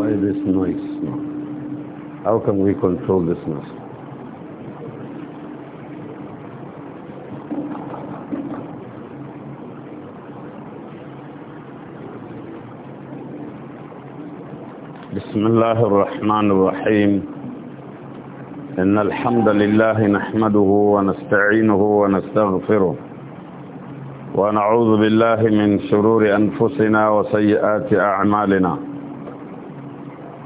Why this noise now? How can we control this noise? بسم الله الرحمن الرحيم إن الحمد لله نحمده ونستعينه ونستغفره ونعوذ بالله من شرور أنفسنا وسيئات أعمالنا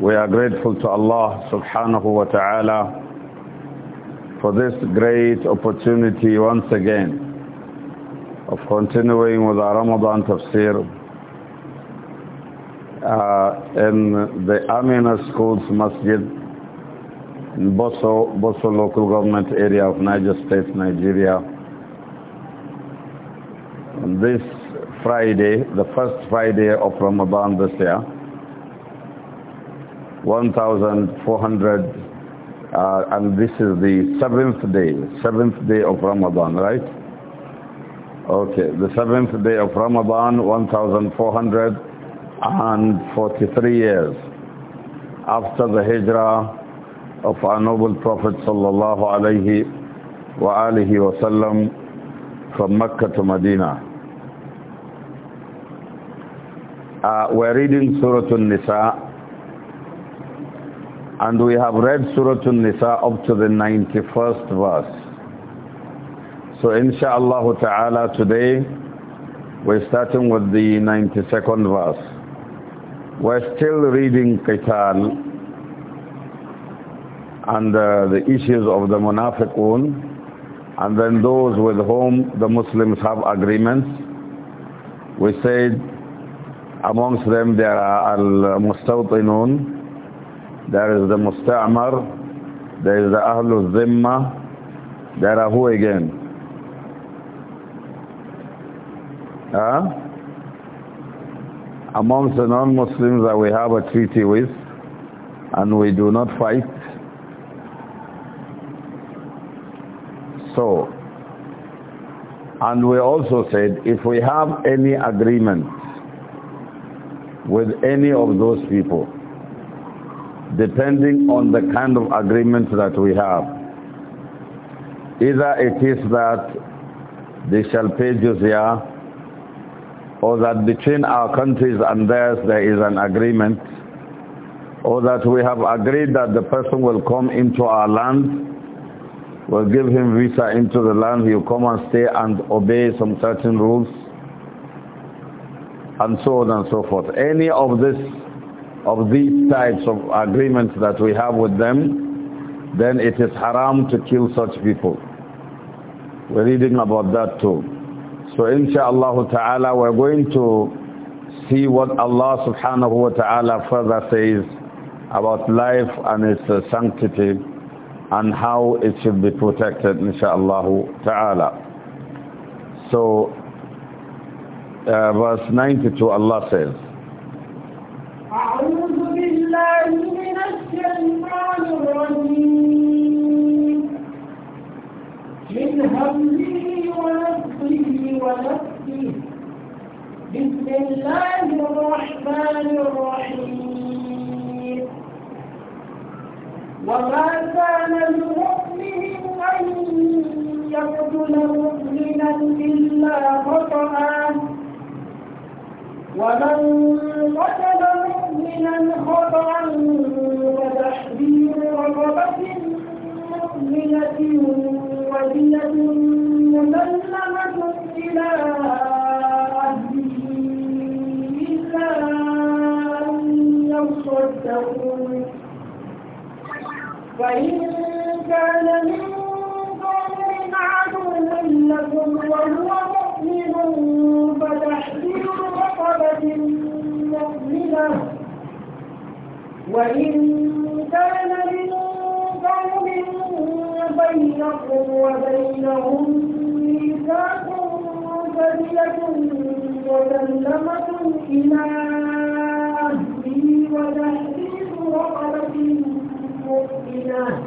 We are grateful to Allah subhanahu wa ta'ala for this great opportunity once again of continuing with our Ramadan tafsir uh, in the Amina Schools Masjid in Boso, Boso local government area of Niger State, Nigeria. this Friday, the first Friday of Ramadan this year, 1400 uh, and this is the seventh day seventh day of Ramadan right okay the seventh day of Ramadan 1443 years after the hijrah of our noble prophet sallallahu alaihi wa alihi wasallam from Mecca to Medina uh, we're reading Surah An-Nisa and we have read Surah An-Nisa up to the 91st verse. So inshallah ta'ala today we're starting with the 92nd verse. We're still reading Qital and uh, the issues of the Munafiqun and then those with whom the Muslims have agreements. We said amongst them there are al-mustawtinun there is the Musta'mar. There is the Ahlul Zimma. There are who again? Huh? amongst the non-Muslims that we have a treaty with and we do not fight. So, and we also said if we have any agreement with any of those people, depending on the kind of agreement that we have. Either it is that they shall pay jizya or that between our countries and theirs there is an agreement or that we have agreed that the person will come into our land will give him visa into the land, he'll come and stay and obey some certain rules, and so on and so forth. Any of this of these types of agreements that we have with them, then it is haram to kill such people. We're reading about that too. So inshallah ta'ala we're going to see what Allah subhanahu wa ta'ala further says about life and its sanctity and how it should be protected inshaAllah ta'ala. So uh, verse 92 Allah says, أعوذ بالله من الشيطان الرجيم من همزه ونفسه ونفسه بسم الله الرحمن الرحيم وما كان لمؤمن أن يقتل مؤمنا إلا خطأ ومن بينا خطأ وتحذير رغبة مؤمنة ودية مسلمة إلى أهله إلا أن يصدقوا فإن كان من وإن كان من قوم بينكم وبينهم ميثاق فدية مسلمة إلى أهله وتحرير رقبة مؤمنة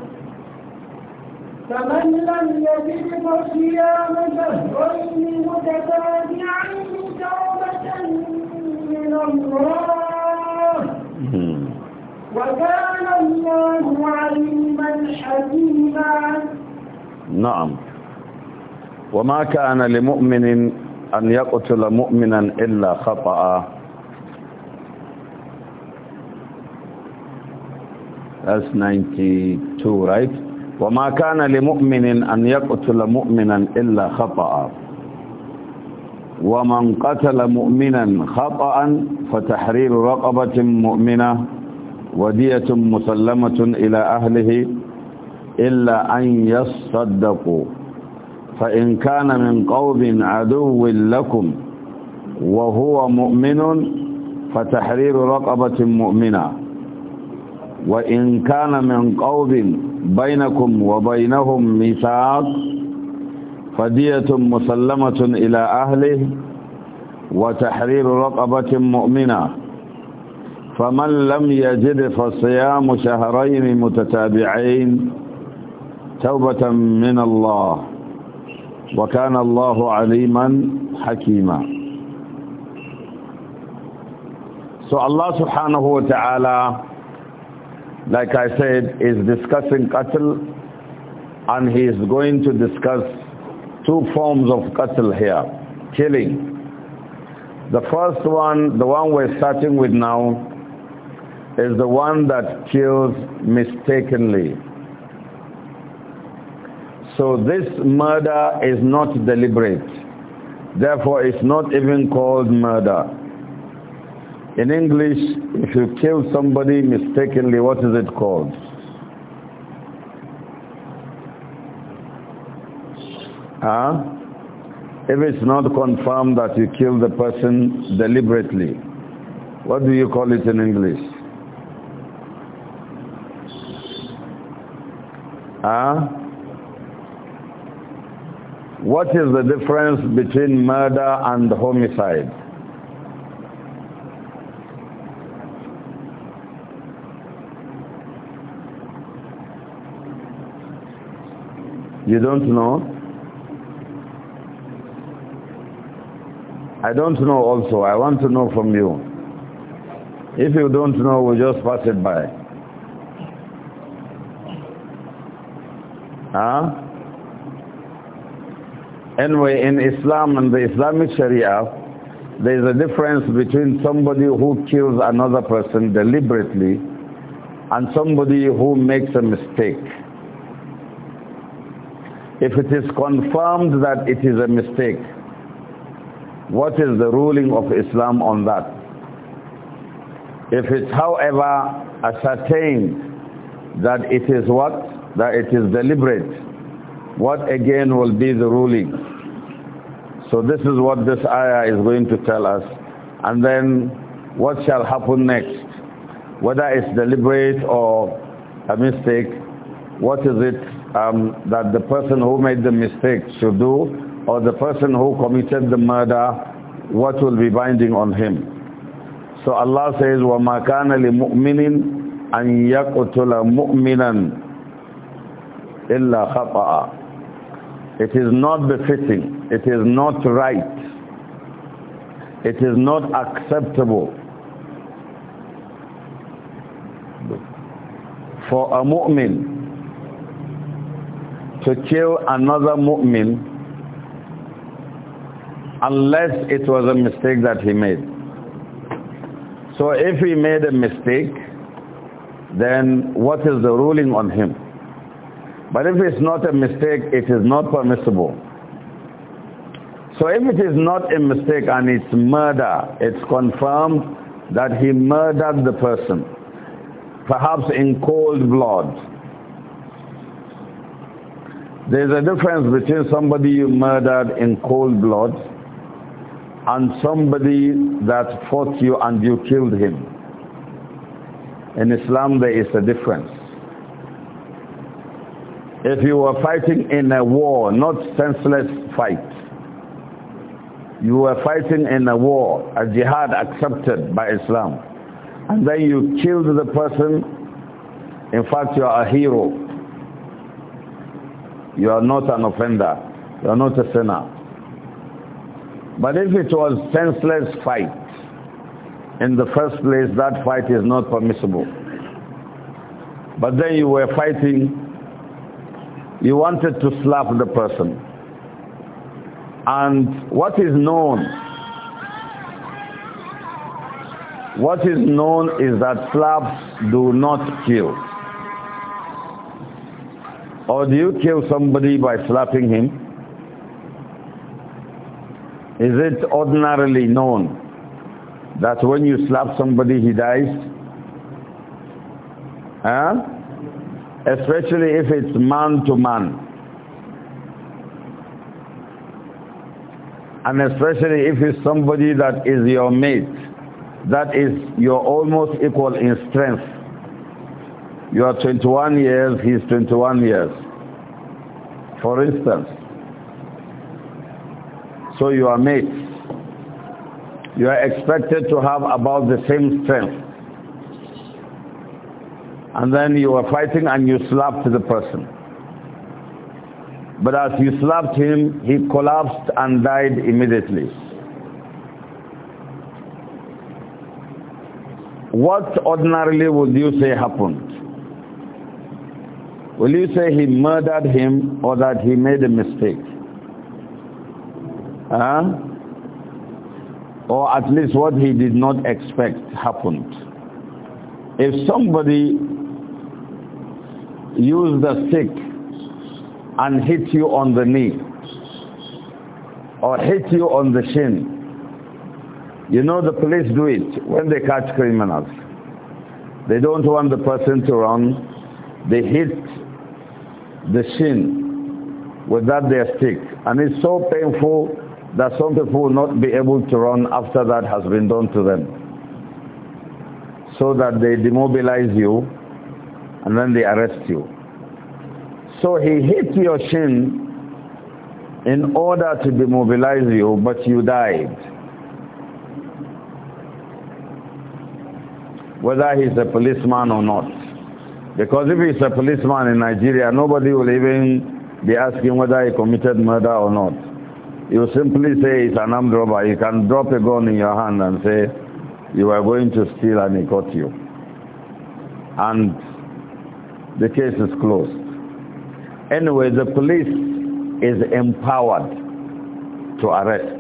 فمن لم يجد فصيام شهرين متتابعين توبة من الله وكان الله عليما حكيما نعم وما كان لمؤمن أن يقتل مؤمنا إلا خطأ That's 92, right? وما كان لمؤمن أن يقتل مؤمنا إلا خطأ ومن قتل مؤمنا خطأ فتحرير رقبة مؤمنة ودية مسلمة إلى أهله إلا أن يصدقوا فإن كان من قوم عدو لكم وهو مؤمن فتحرير رقبة مؤمنة وإن كان من قوم بينكم وبينهم ميثاق فدية مسلمة إلى أهله وتحرير رقبة مؤمنة فمن لم يجد فصيام شهرين متتابعين توبة من الله وكان الله عليما حكيما So Allah subhanahu wa ta'ala, like I said, is discussing qatl and he is going to discuss two forms of qatl here, killing. The first one, the one we're starting with now, is the one that kills mistakenly. So this murder is not deliberate. Therefore, it's not even called murder. In English, if you kill somebody mistakenly, what is it called? Huh? If it's not confirmed that you killed the person deliberately, what do you call it in English? Huh? What is the difference between murder and homicide? You don't know? I don't know also. I want to know from you. If you don't know, we just pass it by. Huh? Anyway, in Islam and the Islamic Sharia, there is a difference between somebody who kills another person deliberately and somebody who makes a mistake. If it is confirmed that it is a mistake, what is the ruling of Islam on that? If it's, however, ascertained that it is what? that it is deliberate. What again will be the ruling? So this is what this ayah is going to tell us. And then what shall happen next? Whether it's deliberate or a mistake, what is it um, that the person who made the mistake should do or the person who committed the murder, what will be binding on him? So Allah says, وَمَا كَانَ لِمُؤْمِنٍ أَن يَقْتُلَ مُؤْمِنًا illa khata'a. It is not befitting. It is not right. It is not acceptable for a mu'min to kill another mu'min unless it was a mistake that he made. So if he made a mistake, then what is the ruling on him? But if it's not a mistake, it is not permissible. So if it is not a mistake and it's murder, it's confirmed that he murdered the person, perhaps in cold blood. There's a difference between somebody you murdered in cold blood and somebody that fought you and you killed him. In Islam there is a difference. If you were fighting in a war, not senseless fight, you were fighting in a war, a jihad accepted by Islam, and then you killed the person, in fact you are a hero. You are not an offender. You are not a sinner. But if it was senseless fight, in the first place that fight is not permissible. But then you were fighting you wanted to slap the person. And what is known what is known is that slaps do not kill. Or do you kill somebody by slapping him? Is it ordinarily known that when you slap somebody he dies? Huh? especially if it's man to man. And especially if it's somebody that is your mate, that is, you're almost equal in strength. You are 21 years, he's 21 years. For instance. So you are mates. You are expected to have about the same strength and then you were fighting and you slapped the person. But as you slapped him, he collapsed and died immediately. What ordinarily would you say happened? Will you say he murdered him or that he made a mistake? Huh? Or at least what he did not expect happened. If somebody use the stick and hit you on the knee or hit you on the shin. You know the police do it when they catch criminals. They don't want the person to run. They hit the shin with that their stick. And it's so painful that some people will not be able to run after that has been done to them. So that they demobilize you and then they arrest you. So he hit your shin in order to demobilize you, but you died. Whether he's a policeman or not. Because if he's a policeman in Nigeria, nobody will even be asking whether he committed murder or not. You simply say he's an armed robber. You can drop a gun in your hand and say you were going to steal and he caught you. And the case is closed. Anyway, the police is empowered to arrest.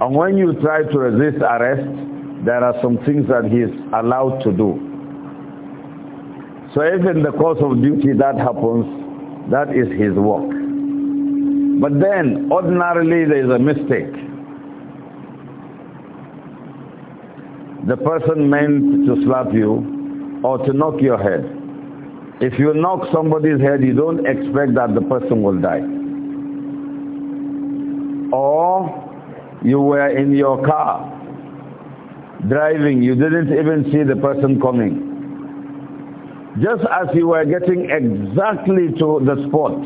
And when you try to resist arrest, there are some things that he is allowed to do. So if in the course of duty that happens, that is his work. But then, ordinarily there is a mistake. The person meant to slap you or to knock your head if you knock somebody's head, you don't expect that the person will die. Or you were in your car driving, you didn't even see the person coming. Just as you were getting exactly to the spot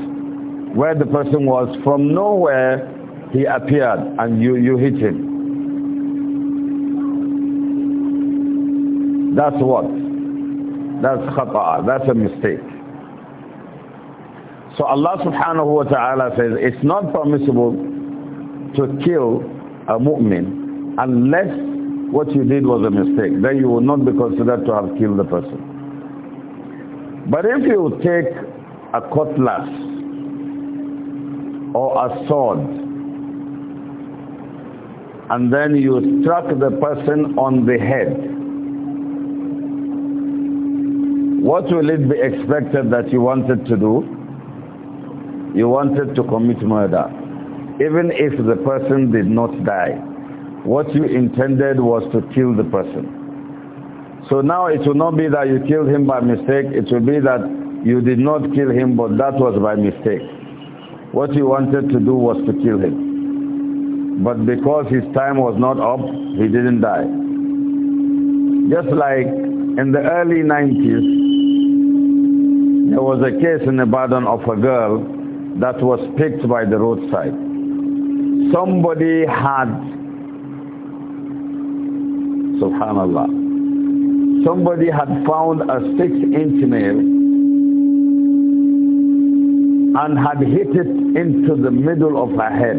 where the person was, from nowhere he appeared and you, you hit him. That's what that's khata, that's a mistake. So Allah subhanahu wa ta'ala says it's not permissible to kill a mu'min unless what you did was a mistake. Then you will not be considered to have killed the person. But if you take a cutlass or a sword and then you struck the person on the head what will it be expected that you wanted to do? You wanted to commit murder. Even if the person did not die, what you intended was to kill the person. So now it will not be that you killed him by mistake, it will be that you did not kill him, but that was by mistake. What you wanted to do was to kill him. But because his time was not up, he didn't die. Just like in the early 90s, there was a case in Ibadan of a girl that was picked by the roadside. Somebody had, subhanallah, somebody had found a six-inch nail and had hit it into the middle of her head.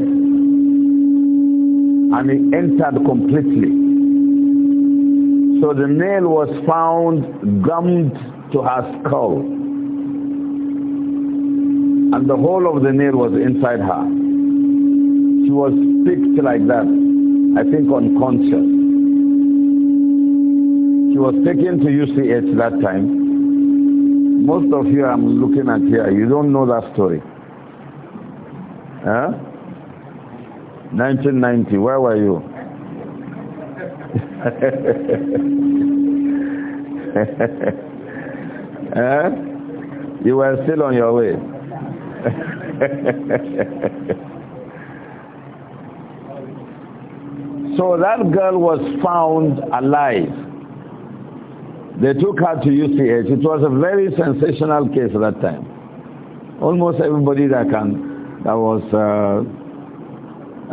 And it entered completely. So the nail was found gummed to her skull and the whole of the nail was inside her. She was picked like that, I think unconscious. She was taken to UCH that time. Most of you I'm looking at here, you don't know that story. Huh? 1990, where were you? huh? You were still on your way. so that girl was found alive. They took her to UCH. It was a very sensational case at that time. Almost everybody that can, that was uh,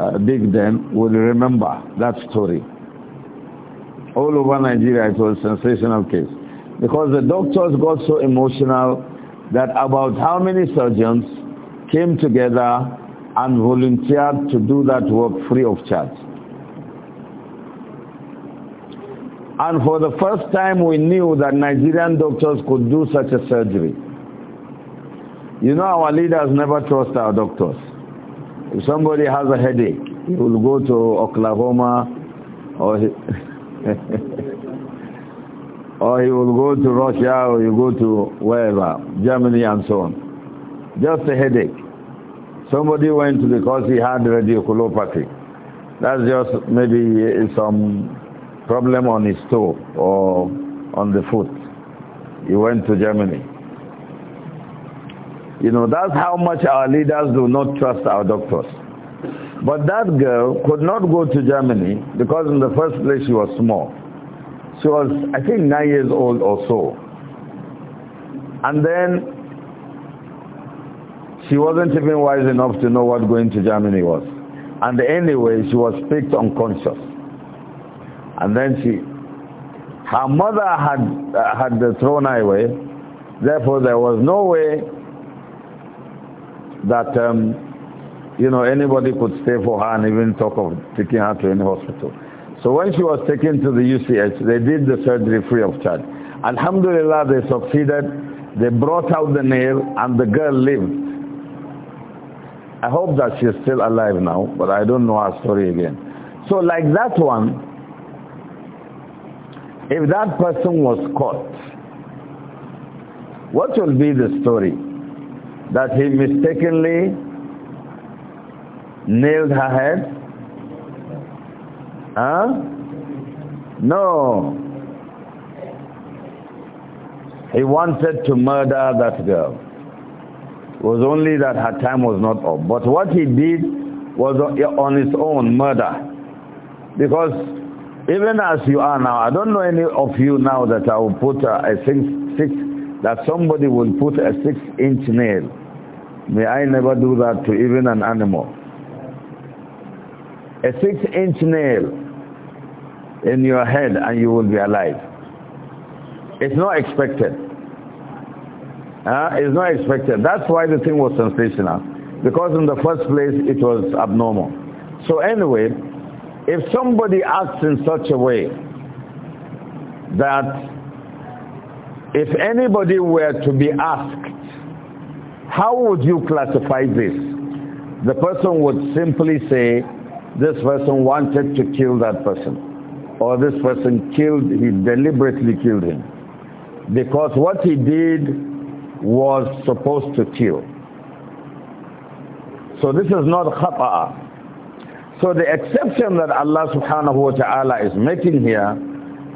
uh, big then will remember that story. All over Nigeria, it was a sensational case. Because the doctors got so emotional that about how many surgeons came together and volunteered to do that work free of charge. And for the first time we knew that Nigerian doctors could do such a surgery. You know our leaders never trust our doctors. If somebody has a headache, he will go to Oklahoma or he, or he will go to Russia or he will go to wherever, Germany and so on. Just a headache. Somebody went because he had radiculopathy. That's just maybe some problem on his toe or on the foot. He went to Germany. You know, that's how much our leaders do not trust our doctors. But that girl could not go to Germany because in the first place she was small. She was, I think, nine years old or so. And then she wasn't even wise enough to know what going to Germany was. And anyway, she was picked unconscious. And then she, her mother had, uh, had thrown her away. Therefore, there was no way that, um, you know, anybody could stay for her and even talk of taking her to any hospital. So when she was taken to the UCH, they did the surgery free of charge. Alhamdulillah, they succeeded. They brought out the nail and the girl lived. I hope that she's still alive now, but I don't know her story again. So like that one, if that person was caught, what will be the story? That he mistakenly nailed her head? Huh? No. He wanted to murder that girl. It was only that her time was not up. But what he did was on his own, murder. Because even as you are now, I don't know any of you now that I will put a, a six, six, that somebody will put a six-inch nail. May I never do that to even an animal. A six-inch nail in your head and you will be alive. It's not expected. Uh, it's not expected. That's why the thing was sensational. Because in the first place, it was abnormal. So anyway, if somebody acts in such a way that if anybody were to be asked, how would you classify this? The person would simply say, this person wanted to kill that person. Or this person killed, he deliberately killed him. Because what he did was supposed to kill. So this is not khata'a. So the exception that Allah subhanahu wa ta'ala is making here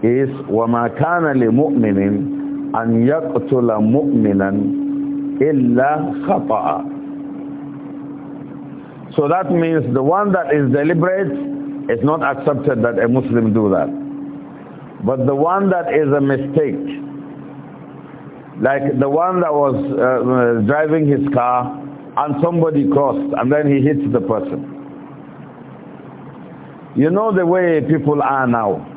is وَمَا كَانَ لِمُؤْمِنٍ أَنْ يَقْتُلَ مُؤْمِنًا إِلَّا خَطَأً So that means the one that is deliberate is not accepted that a Muslim do that. But the one that is a mistake, like the one that was uh, uh, driving his car and somebody crossed and then he hits the person. You know the way people are now.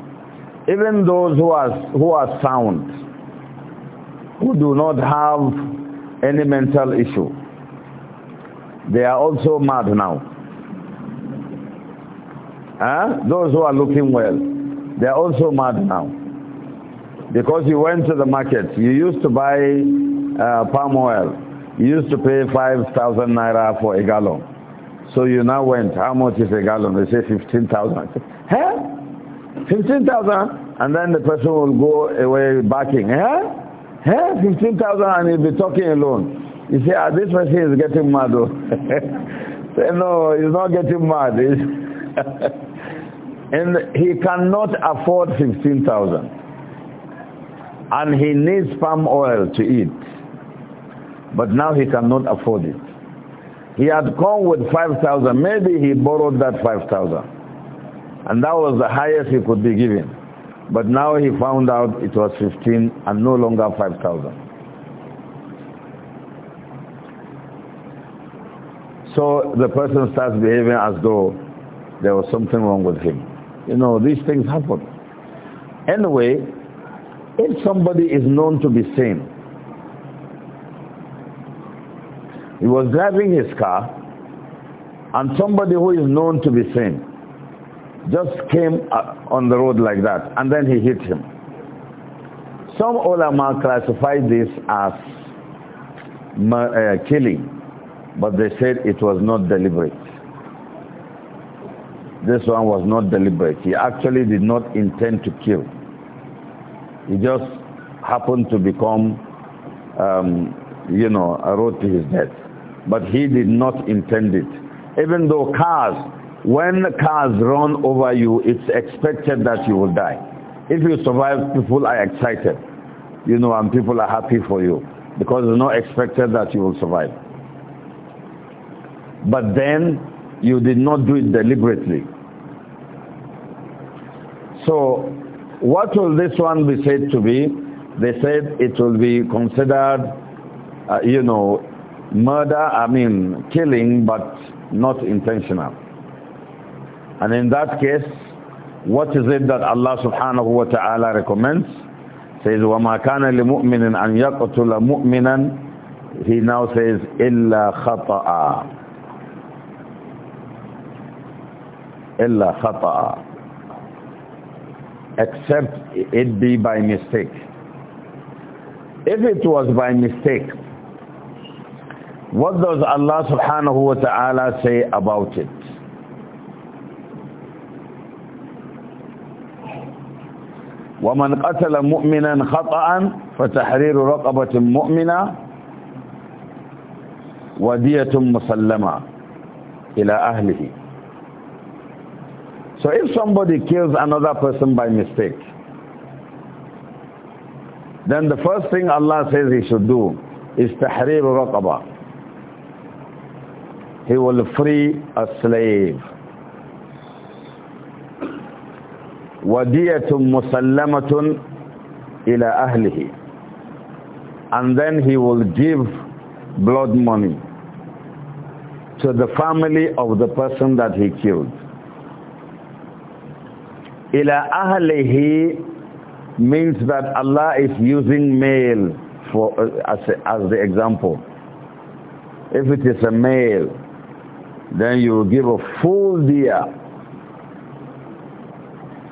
Even those who are, who are sound, who do not have any mental issue, they are also mad now. Huh? Those who are looking well, they are also mad now. Because you went to the market, you used to buy uh, palm oil. You used to pay 5,000 naira for a gallon. So you now went, how much is a gallon? They say 15,000. Huh? 15,000? And then the person will go away backing. Huh? Huh? 15,000 and he'll be talking alone. You say, ah, this person is getting mad. say, no, he's not getting mad. and he cannot afford 15,000 and he needs palm oil to eat. But now he cannot afford it. He had come with 5,000. Maybe he borrowed that 5,000. And that was the highest he could be given. But now he found out it was 15 and no longer 5,000. So the person starts behaving as though there was something wrong with him. You know, these things happen. Anyway, if somebody is known to be sane, he was driving his car and somebody who is known to be sane just came uh, on the road like that and then he hit him. Some ulama classify this as uh, killing, but they said it was not deliberate. This one was not deliberate. He actually did not intend to kill. He just happened to become, um, you know, a road to his death. But he did not intend it. Even though cars, when cars run over you, it's expected that you will die. If you survive, people are excited, you know, and people are happy for you because it's not expected that you will survive. But then you did not do it deliberately. So what will this one be said to be? They said it will be considered, uh, you know, murder, I mean, killing, but not intentional. And in that case, what is it that Allah subhanahu wa ta'ala recommends? Says, وَمَا كَانَ لِمُؤْمِنٍ أَنْ يَقْتُلَ مُؤْمِنًا He now says, إِلَّا خَطَأً إِلَّا خَطَأً except it be by mistake. If it was by mistake, what does Allah subhanahu wa ta'ala say about it? وَمَنْ قَتَلَ مُؤْمِنًا خَطَأً فَتَحْرِيرُ رَقَبَةٍ مُؤْمِنَةٍ وَدِيَةٌ مُسَلَّمَةٍ إِلَى أَهْلِهِ so if somebody kills another person by mistake, then the first thing Allah says he should do is tahrir raqaba. He will free a slave. وَدِيَةٌ مُسَلَّمَةٌ إِلَىٰ أَهْلِهِ And then he will give blood money to the family of the person that he killed ila ahlihi means that Allah is using male for uh, as as the example. If it is a male, then you will give a full deer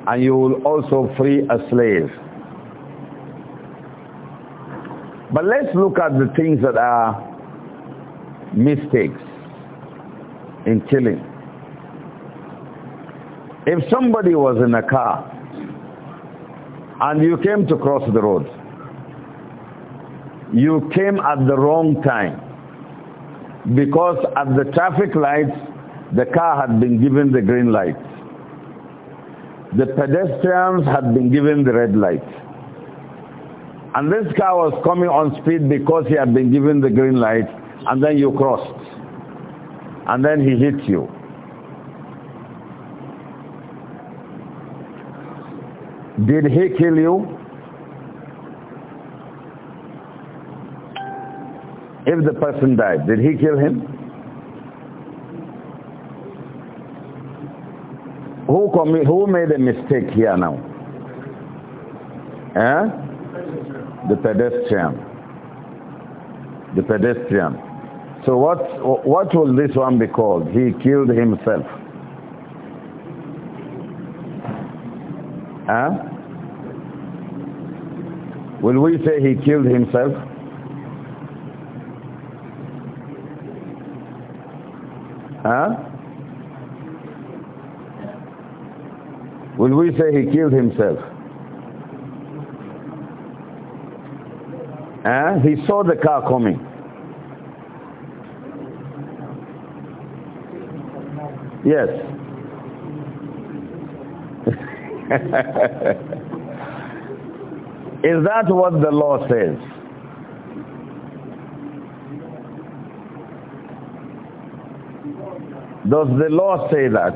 and you will also free a slave. But let's look at the things that are mistakes in killing. If somebody was in a car and you came to cross the road, you came at the wrong time because at the traffic lights, the car had been given the green light. The pedestrians had been given the red light. And this car was coming on speed because he had been given the green light and then you crossed. And then he hit you. Did he kill you? If the person died, did he kill him? Who, who made a mistake here now? Eh? The pedestrian. The pedestrian. So what, what will this one be called? He killed himself. Huh? Will we say he killed himself? Huh? Will we say he killed himself? Huh? He saw the car coming. Yes. Is that what the law says? Does the law say that?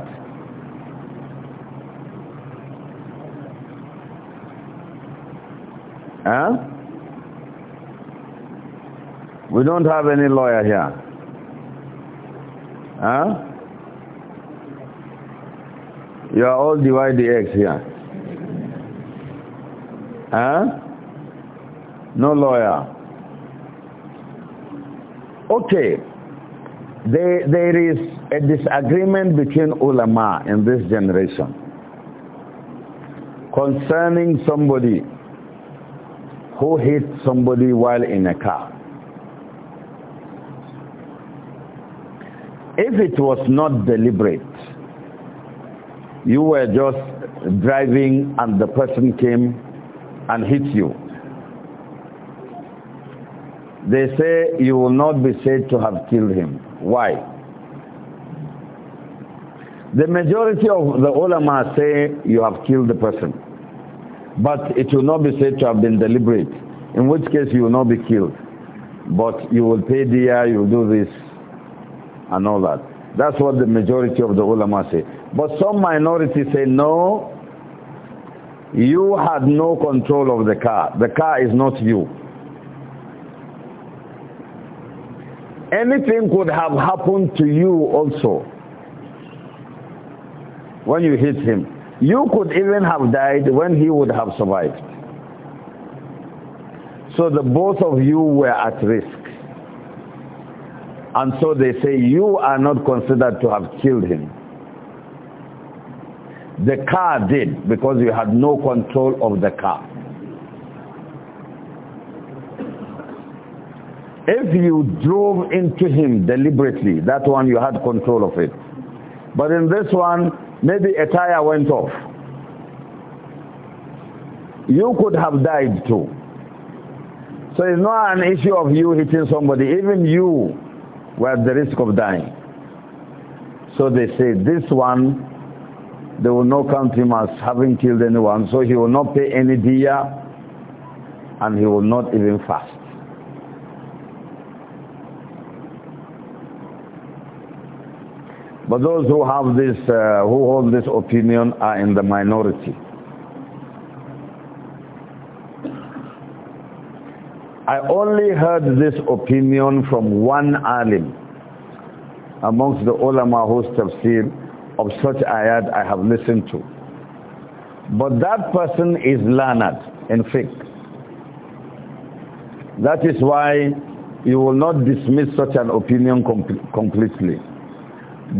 Huh? We don't have any lawyer here. Huh? You are all divide the eggs here. Huh? No lawyer. Okay. There, there is a disagreement between ulama in this generation concerning somebody who hit somebody while in a car. If it was not deliberate, you were just driving and the person came and hit you. They say you will not be said to have killed him. Why? The majority of the ulama say you have killed the person. But it will not be said to have been deliberate, in which case you will not be killed. But you will pay the dear, you will do this and all that. That's what the majority of the ulama say. But some minority say, no, you had no control of the car. The car is not you. Anything could have happened to you also when you hit him. You could even have died when he would have survived. So the both of you were at risk. And so they say, you are not considered to have killed him. The car did because you had no control of the car. If you drove into him deliberately, that one you had control of it. But in this one, maybe a tire went off. You could have died too. So it's not an issue of you hitting somebody. Even you were at the risk of dying. So they say, this one, they will not count him as having killed anyone, so he will not pay any diya, and he will not even fast. But those who have this, uh, who hold this opinion are in the minority. I only heard this opinion from one alim amongst the ulama have seen of such ayat I have listened to. But that person is learned in fiqh. That is why you will not dismiss such an opinion com completely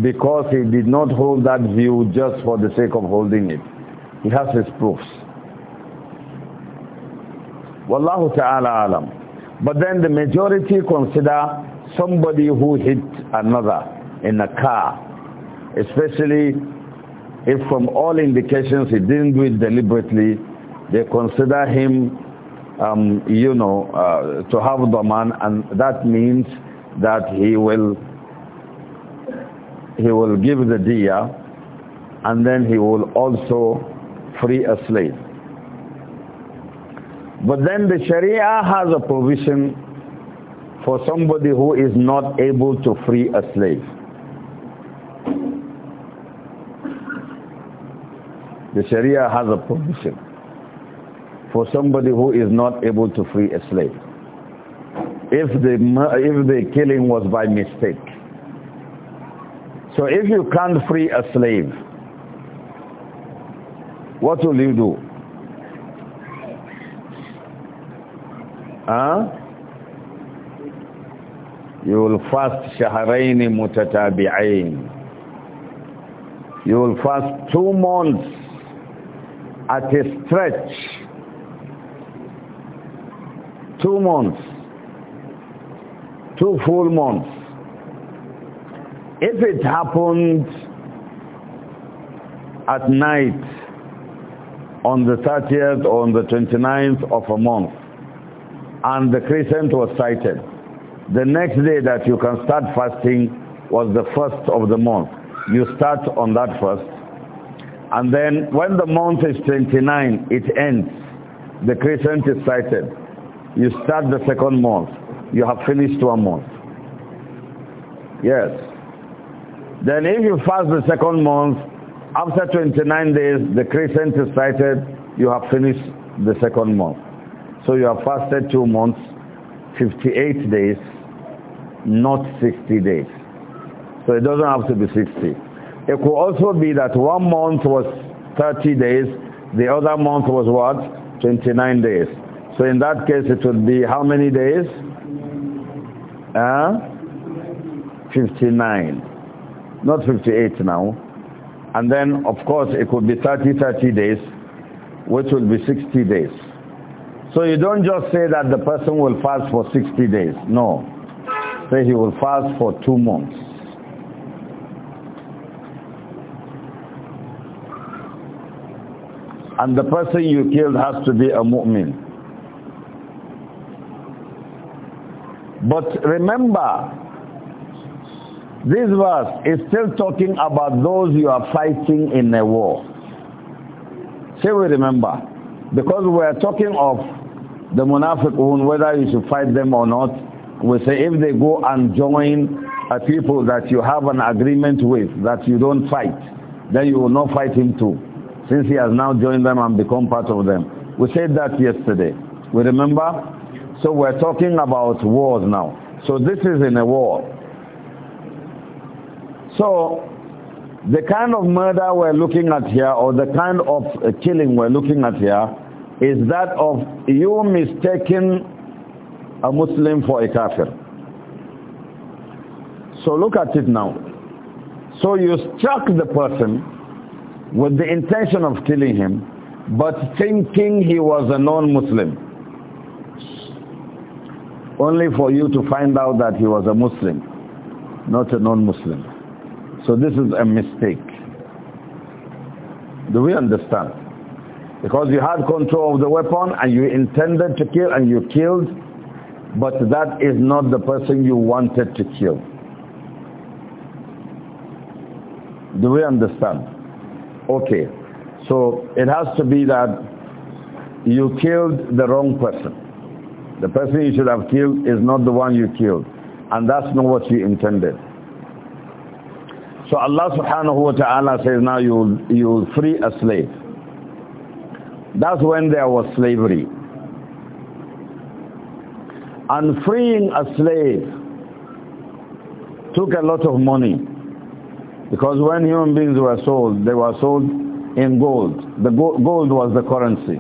because he did not hold that view just for the sake of holding it. He has his proofs. Wallahu ta'ala alam. But then the majority consider somebody who hit another in a car, especially if from all indications he didn't do it deliberately, they consider him, um, you know, uh, to have the man, and that means that he will he will give the deer, and then he will also free a slave. But then the Sharia has a provision for somebody who is not able to free a slave. The Sharia has a provision for somebody who is not able to free a slave. If the, if the killing was by mistake. So if you can't free a slave, what will you do? You will fast shahrayn mutatabi'ain. You will fast two months at a stretch. Two months. Two full months. If it happened at night on the 30th or on the 29th of a month, and the crescent was sighted. The next day that you can start fasting was the first of the month. You start on that first. And then when the month is 29, it ends. The crescent is sighted. You start the second month. You have finished one month. Yes. Then if you fast the second month, after 29 days, the crescent is sighted. You have finished the second month. So you have fasted two months, 58 days, not 60 days. So it doesn't have to be 60. It could also be that one month was 30 days, the other month was what? 29 days. So in that case it would be how many days? Uh, 59. Not 58 now. And then of course it could be 30, 30 days, which will be 60 days. So you don't just say that the person will fast for 60 days. No. Say he will fast for two months. And the person you killed has to be a mu'min. But remember, this verse is still talking about those you are fighting in a war. Say we remember. Because we are talking of the munafiqun, whether you should fight them or not, we say if they go and join a people that you have an agreement with, that you don't fight, then you will not fight him too, since he has now joined them and become part of them. We said that yesterday. We remember? So we're talking about wars now. So this is in a war. So the kind of murder we're looking at here, or the kind of killing we're looking at here, is that of you mistaking a Muslim for a kafir. So look at it now. So you struck the person with the intention of killing him, but thinking he was a non-Muslim. Only for you to find out that he was a Muslim, not a non-Muslim. So this is a mistake. Do we understand? Because you had control of the weapon and you intended to kill and you killed, but that is not the person you wanted to kill. Do we understand? Okay. So it has to be that you killed the wrong person. The person you should have killed is not the one you killed. And that's not what you intended. So Allah subhanahu wa ta'ala says now you will free a slave. That's when there was slavery. And freeing a slave took a lot of money. Because when human beings were sold, they were sold in gold. The gold was the currency.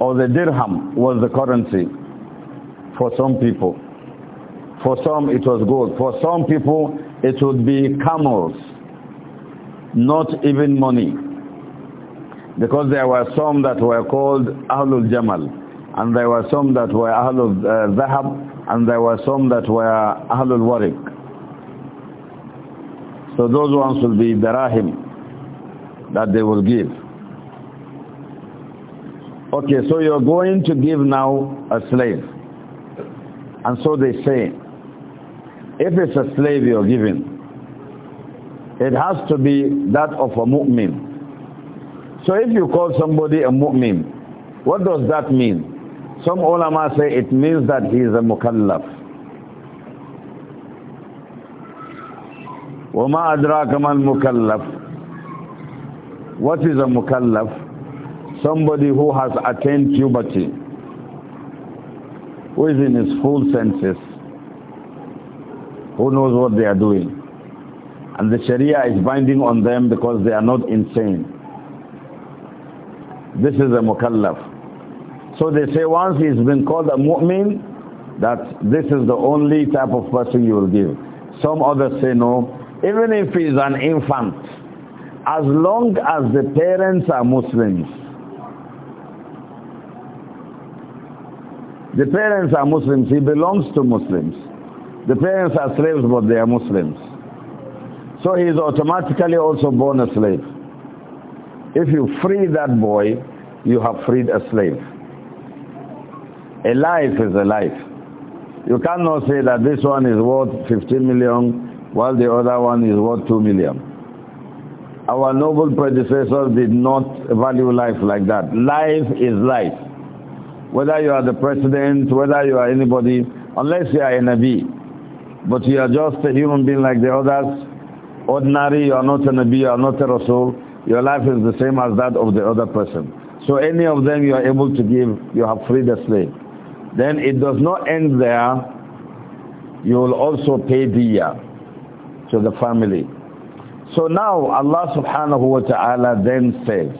Or the dirham was the currency for some people. For some it was gold. For some people it would be camels, not even money. Because there were some that were called Ahlul Jamal, and there were some that were Ahlul uh, Zahab, and there were some that were Ahlul Warik. So those ones will be Darahim that they will give. Okay, so you're going to give now a slave. And so they say, if it's a slave you're giving, it has to be that of a mu'min. So if you call somebody a mu'min, what does that mean? Some ulama say it means that he is a mukallaf. وَمَا أَدْرَاكَ مَا الْمُكَلَّفُ What is a mukallaf? Somebody who has attained puberty, who is in his full senses, who knows what they are doing. And the Sharia is binding on them because they are not insane. This is a mukallaf. So they say once he's been called a mu'min, that this is the only type of person you will give. Some others say no. Even if he's an infant, as long as the parents are Muslims, The parents are Muslims. He belongs to Muslims. The parents are slaves, but they are Muslims. So he is automatically also born a slave. If you free that boy, you have freed a slave. A life is a life. You cannot say that this one is worth 15 million while the other one is worth 2 million. Our noble predecessors did not value life like that. Life is life. Whether you are the president, whether you are anybody, unless you are a Nabi, but you are just a human being like the others, ordinary, you are not a Nabi, you are not a Rasul, your life is the same as that of the other person. So any of them you are able to give, you have freed a slave. Then it does not end there. You will also pay diya to the family. So now Allah subhanahu wa ta'ala then says,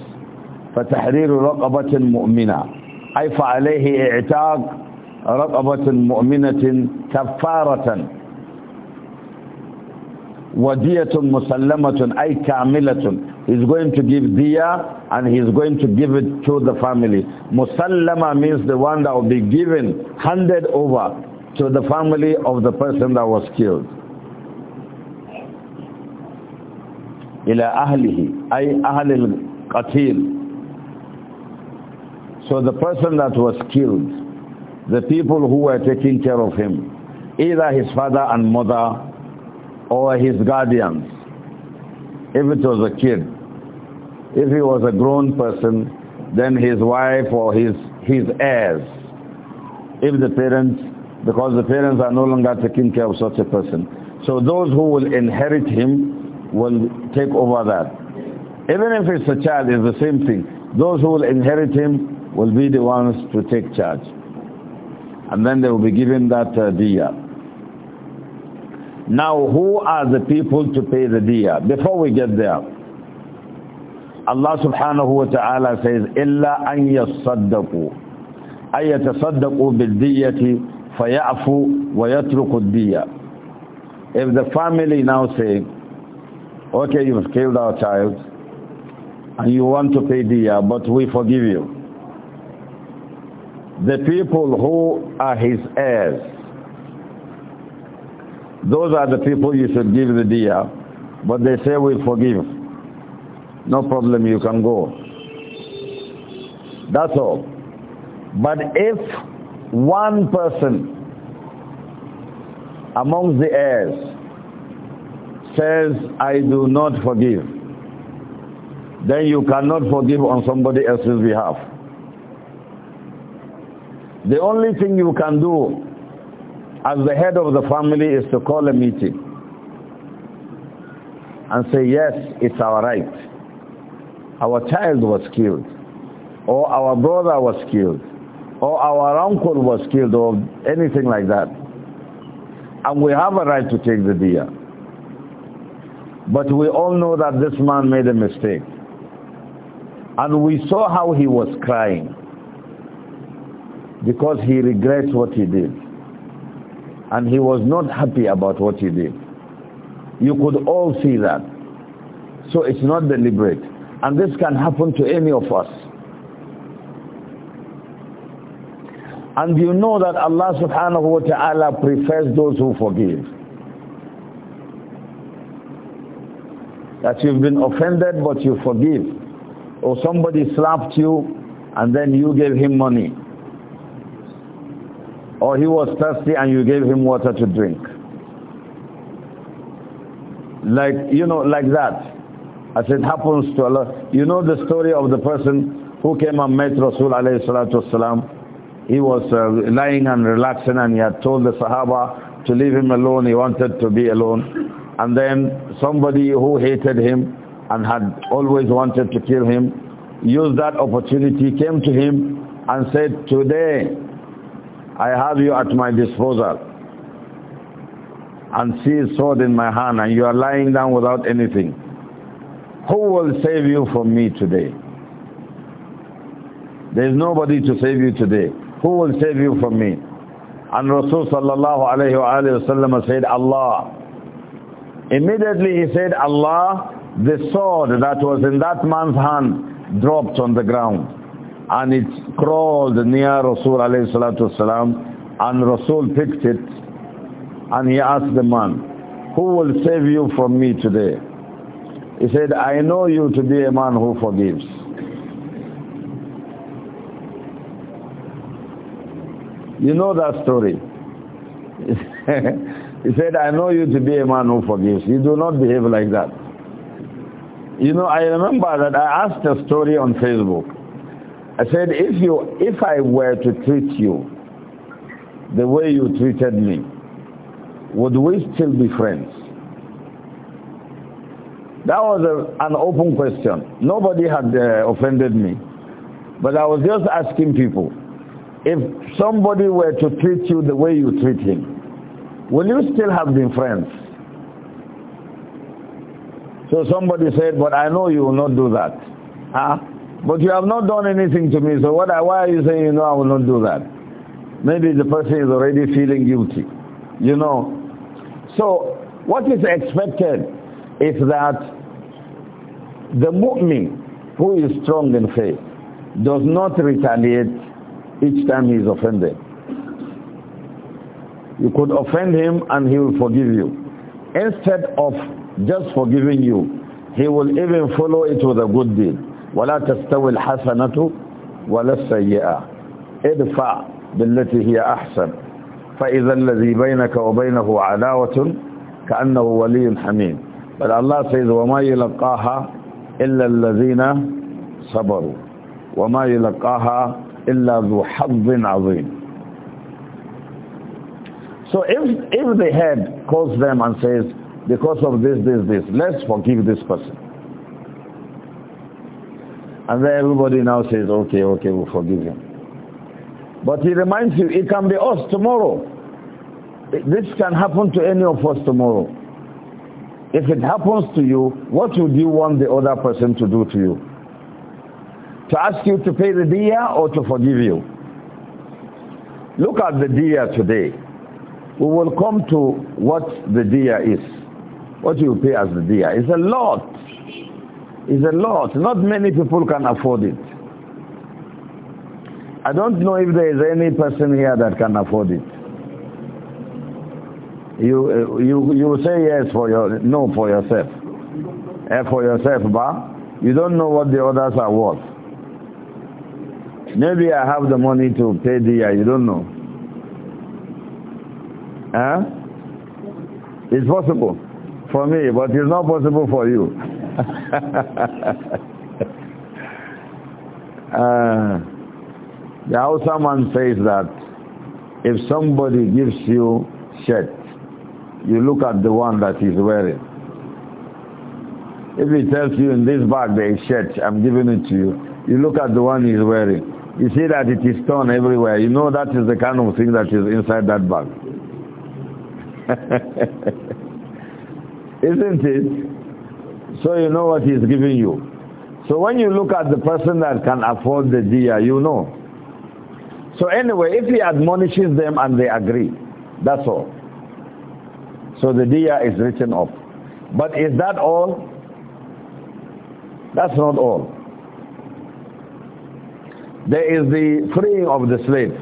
فَتَحْرِيرُ رَقَبَةٍ مُؤْمِنَةٍ أي فعليه اعتاق رقبة مؤمنة كفارة Wadiyatun musallamatun ay kamilatun. He's going to give diya and he's going to give it to the family. Musallama means the one that will be given, handed over to the family of the person that was killed. Ila ahlihi ay ahlil qatil. So the person that was killed, the people who were taking care of him, either his father and mother or his guardians, if it was a kid. If he was a grown person, then his wife or his, his heirs. If the parents, because the parents are no longer taking care of such a person. So those who will inherit him will take over that. Even if it's a child, it's the same thing. Those who will inherit him will be the ones to take charge. And then they will be given that uh, diya. Now, who are the people to pay the diya? Before we get there, Allah subhanahu wa ta'ala says, إِلَّا أَن يَصَّدَّقُوا أَن يَتَصَدَّقُوا بِالدِّيَّةِ فَيَعْفُوا وَيَتْرُكُوا الدِّيَّةِ If the family now say, okay, you've killed our child, and you want to pay diya, but we forgive you. The people who are his heirs, those are the people you should give the diya, but they say we'll forgive. No problem, you can go. That's all. But if one person among the heirs says, I do not forgive, then you cannot forgive on somebody else's behalf. The only thing you can do as the head of the family is to call a meeting and say, yes, it's our right. Our child was killed, or our brother was killed, or our uncle was killed, or anything like that. And we have a right to take the deer. But we all know that this man made a mistake. And we saw how he was crying because he regrets what he did and he was not happy about what he did. You could all see that. So it's not deliberate. And this can happen to any of us. And you know that Allah subhanahu wa ta'ala prefers those who forgive. That you've been offended but you forgive. Or somebody slapped you and then you gave him money. Or he was thirsty and you gave him water to drink. Like, you know, like that. As it happens to Allah. You know the story of the person who came and met Rasul alayhi salatu wasalam. He was uh, lying and relaxing and he had told the Sahaba to leave him alone. He wanted to be alone. And then somebody who hated him and had always wanted to kill him used that opportunity, came to him and said, today I have you at my disposal. And see a sword in my hand and you are lying down without anything. Who will save you from me today? There is nobody to save you today. Who will save you from me? And Rasul sallallahu alayhi wa sallam said, Allah. Immediately he said, Allah, the sword that was in that man's hand dropped on the ground and it crawled near Rasul alayhi salatu wasalam and Rasul picked it and he asked the man, who will save you from me today? He said, I know you to be a man who forgives. You know that story. he said, I know you to be a man who forgives. You do not behave like that. You know, I remember that I asked a story on Facebook I said, if you, if I were to treat you the way you treated me, would we still be friends? That was a, an open question. Nobody had uh, offended me. But I was just asking people, if somebody were to treat you the way you treat him, will you still have been friends? So somebody said, but I know you will not do that. Huh? But you have not done anything to me, so what, why are you saying, you know, I will not do that? Maybe the person is already feeling guilty, you know. So what is expected is that the mu'min who is strong in faith does not retaliate each time he is offended. You could offend him and he will forgive you. Instead of just forgiving you, he will even follow it with a good deed. ولا تستوي الحسنة ولا السيئة ادفع بالتي هي أحسن فإذا الذي بينك وبينه عداوة كأنه ولي حميم بل الله says وما يلقاها إلا الذين صبروا وما يلقاها إلا ذو حظ عظيم So if, if the head calls them and says, because of this, this, this, let's forgive this person. And then everybody now says, okay, okay, we'll forgive him. But he reminds you, it can be us tomorrow. This can happen to any of us tomorrow. If it happens to you, what would you want the other person to do to you? To ask you to pay the diya or to forgive you? Look at the diya today. We will come to what the diya is. What you pay as the diya. It's a lot is a lot. Not many people can afford it. I don't know if there is any person here that can afford it. You uh, you you say yes for your no for yourself. Eh, for yourself, but you don't know what the others are worth. Maybe I have the money to pay the uh, you don't know. Huh? Eh? It's possible for me, but it's not possible for you uh, the Hausa man says that if somebody gives you shirt, you look at the one that he's wearing. If he tells you in this bag there is shirt, I'm giving it to you, you look at the one he's wearing. You see that it is torn everywhere. You know that is the kind of thing that is inside that bag. Isn't it? So you know what he's giving you. So when you look at the person that can afford the diya, you know. So anyway, if he admonishes them and they agree, that's all. So the diya is written off. But is that all? That's not all. There is the freeing of the slave.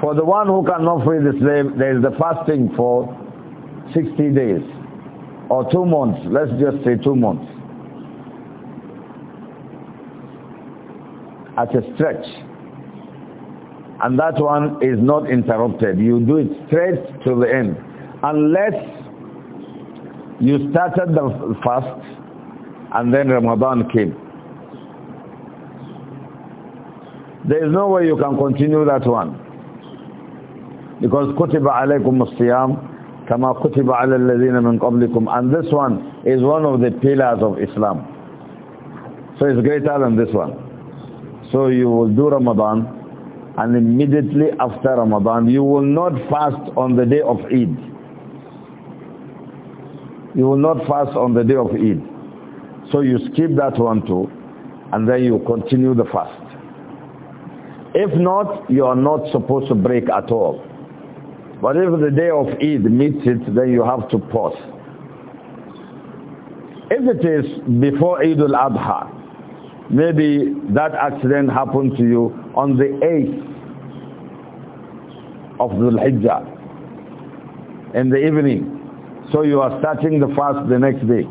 For the one who cannot free the slave, there is the fasting for 60 days or two months. Let's just say two months. at a stretch. And that one is not interrupted. You do it straight to the end. Unless you started the fast and then Ramadan came. There is no way you can continue that one. Because كتب عليكم الصيام كما كتب على الذين من قبلكم and this one is one of the pillars of Islam. So it's greater than this one. So you will do Ramadan and immediately after Ramadan you will not fast on the day of Eid. You will not fast on the day of Eid. So you skip that one too and then you continue the fast. If not, you are not supposed to break at all. But if the day of Eid meets it, then you have to pause. If it is before Eid al-Adha, Maybe that accident happened to you on the 8th of the Hijjah in the evening. So you are starting the fast the next day.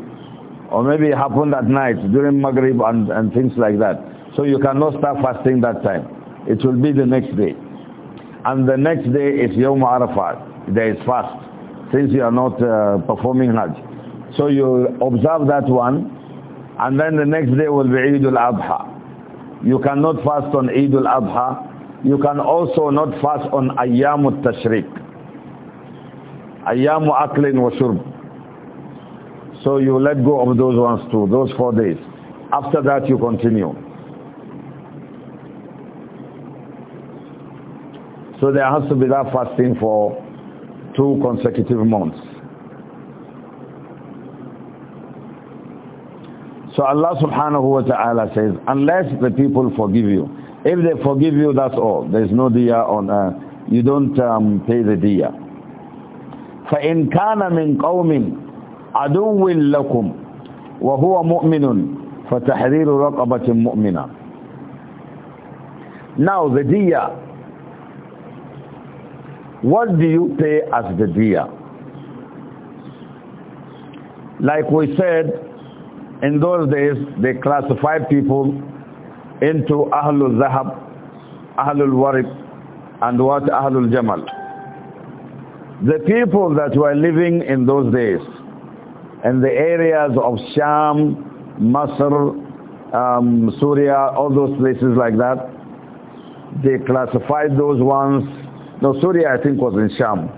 Or maybe it happened at night during Maghrib and, and things like that. So you cannot start fasting that time. It will be the next day. And the next day is Yom Arafat. There is fast since you are not uh, performing Hajj. So you observe that one and then the next day will be Eid al-Adha. You cannot fast on Eid al-Adha. You can also not fast on Ayyam al-Tashriq. Ayyam aklin wa shurb. So you let go of those ones too, those four days. After that you continue. So there has to be that fasting for two consecutive months. So Allah subhanahu wa ta'ala says, unless the people forgive you. If they forgive you, that's all. There's no diya on, earth. Uh, you don't um, pay the diya. فَإِنْ كَانَ مِنْ قَوْمٍ عَدُوٍ لَكُمْ وَهُوَ مُؤْمِنٌ فَتَحْرِيرُ رَقَبَةٍ مُؤْمِنًا Now the diya. What do you pay as the diya? Like we said, in those days they classified people into Ahlul Zahab, Ahlul Warib and what Ahlul Jamal. The people that were living in those days in the areas of Sham, Masr, um, Syria, all those places like that, they classified those ones. No, Syria I think was in Sham.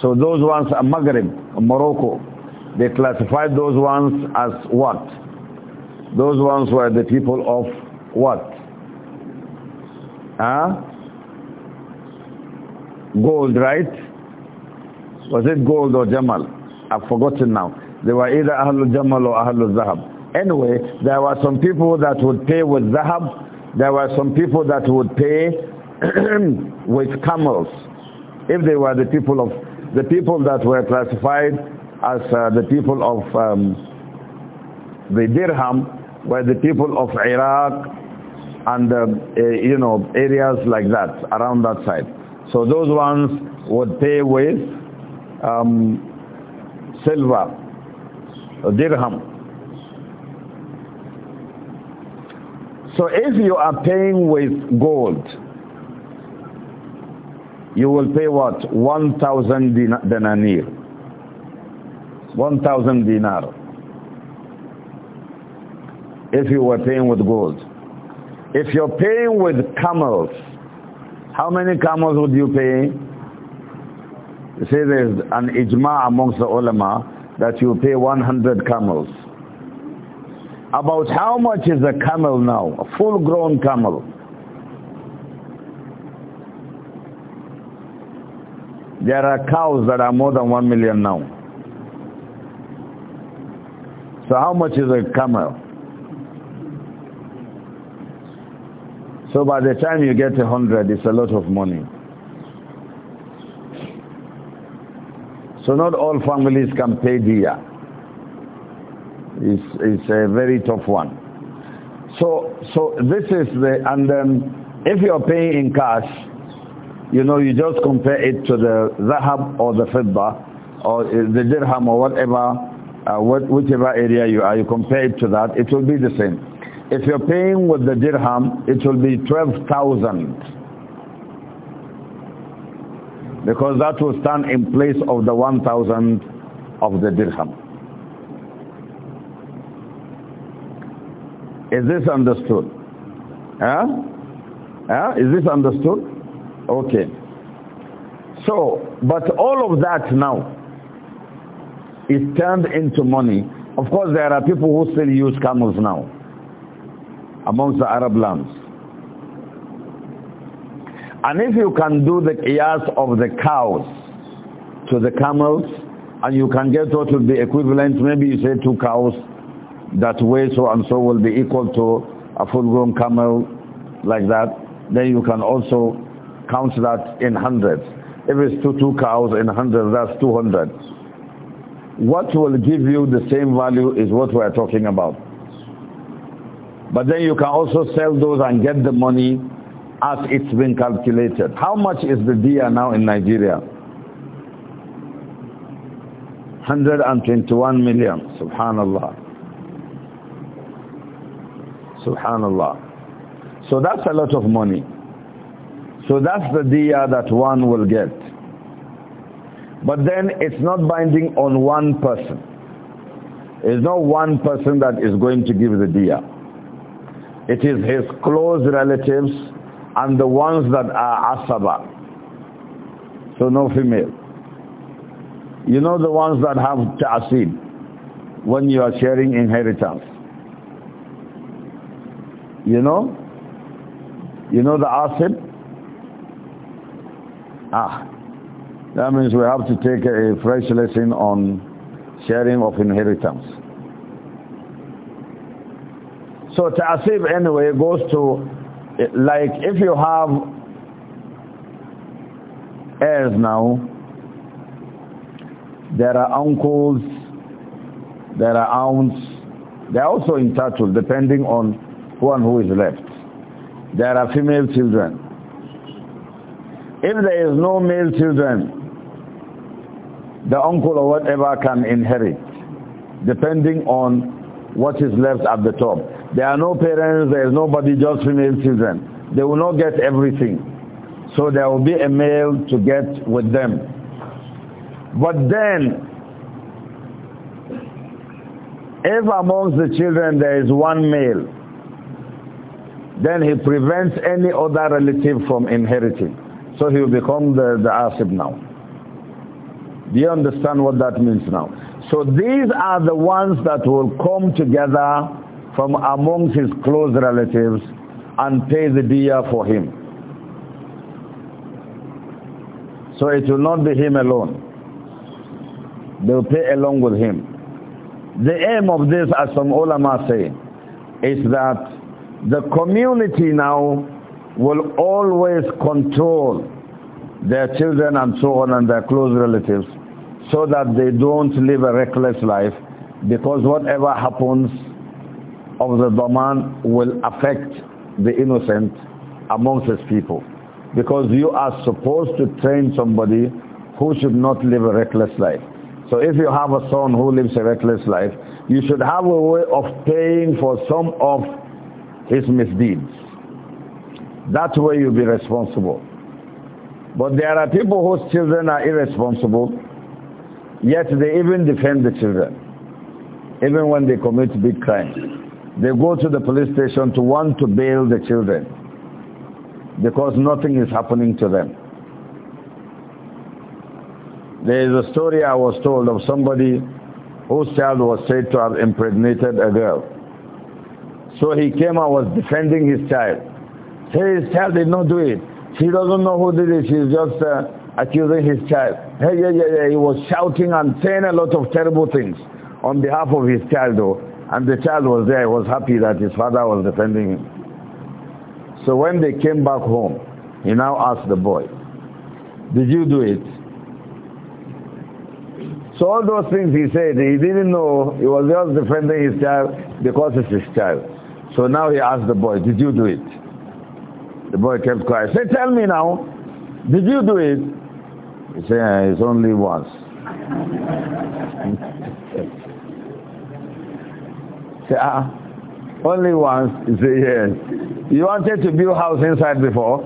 So those ones are Maghrib, Morocco. They classified those ones as what? Those ones were the people of what? Huh? Gold, right? Was it gold or Jamal? I've forgotten now. They were either Ahlul Jamal or Ahlul Zahab. Anyway, there were some people that would pay with Zahab. There were some people that would pay with camels. If they were the people of the people that were classified as uh, the people of um, the dirham were the people of Iraq and uh, you know areas like that around that side. So those ones would pay with um, silver, uh, dirham. So if you are paying with gold, you will pay what? 1,000 dinar, 1,000 dinar. If you were paying with gold. If you're paying with camels, how many camels would you pay? You say there's an ijma amongst the ulama that you pay 100 camels. About how much is a camel now? A full-grown camel. There are cows that are more than 1 million now. So how much is a camel? So by the time you get a hundred, it's a lot of money. So not all families can pay dia. It's, it's a very tough one. So, so this is the, and then if you're paying in cash, you know, you just compare it to the zahab or the fidda or the dirham or whatever uh, what, whichever area you are, you compare it to that, it will be the same. If you're paying with the dirham, it will be 12,000. Because that will stand in place of the 1,000 of the dirham. Is this understood? Huh? Huh? Is this understood? Okay. So, but all of that now, is turned into money. Of course, there are people who still use camels now amongst the Arab lands. And if you can do the qiyas of the cows to the camels, and you can get what would be equivalent, maybe you say two cows that weigh so and so will be equal to a full-grown camel like that, then you can also count that in hundreds. If it's two, two cows in hundreds, that's 200 what will give you the same value is what we are talking about. But then you can also sell those and get the money as it's been calculated. How much is the dia now in Nigeria? 121 million. Subhanallah. Subhanallah. So that's a lot of money. So that's the dia that one will get. But then it's not binding on one person. It's not one person that is going to give the dia. It is his close relatives and the ones that are asaba. So no female. You know the ones that have ta'asib when you are sharing inheritance. You know? You know the asib? Ah, that means we have to take a fresh lesson on sharing of inheritance. So ta'asib anyway goes to, like if you have heirs now, there are uncles, there are aunts, they are also entitled depending on who and who is left. There are female children. If there is no male children, the uncle or whatever can inherit, depending on what is left at the top. There are no parents, there is nobody, just female children. They will not get everything. So there will be a male to get with them. But then, if amongst the children there is one male, then he prevents any other relative from inheriting. So he will become the, the asib now. Do you understand what that means now? So these are the ones that will come together from amongst his close relatives and pay the dia for him. So it will not be him alone. They will pay along with him. The aim of this, as some ulama say, is that the community now will always control their children and so on and their close relatives so that they don't live a reckless life because whatever happens of the Daman will affect the innocent amongst his people. Because you are supposed to train somebody who should not live a reckless life. So if you have a son who lives a reckless life, you should have a way of paying for some of his misdeeds. That way you'll be responsible. But there are people whose children are irresponsible Yet they even defend the children, even when they commit big crimes. They go to the police station to want to bail the children because nothing is happening to them. There is a story I was told of somebody whose child was said to have impregnated a girl. So he came and was defending his child. Say his child did not do it. She doesn't know who did it. She's just uh, accusing his child. Hey, yeah, yeah, yeah. He was shouting and saying a lot of terrible things on behalf of his child though. And the child was there. He was happy that his father was defending him. So when they came back home, he now asked the boy, did you do it? So all those things he said, he didn't know. He was just defending his child because it's his child. So now he asked the boy, did you do it? The boy kept quiet. Say, tell me now, did you do it? Say it's only once. say, ah, only once? He said, yes. You wanted to build house inside before?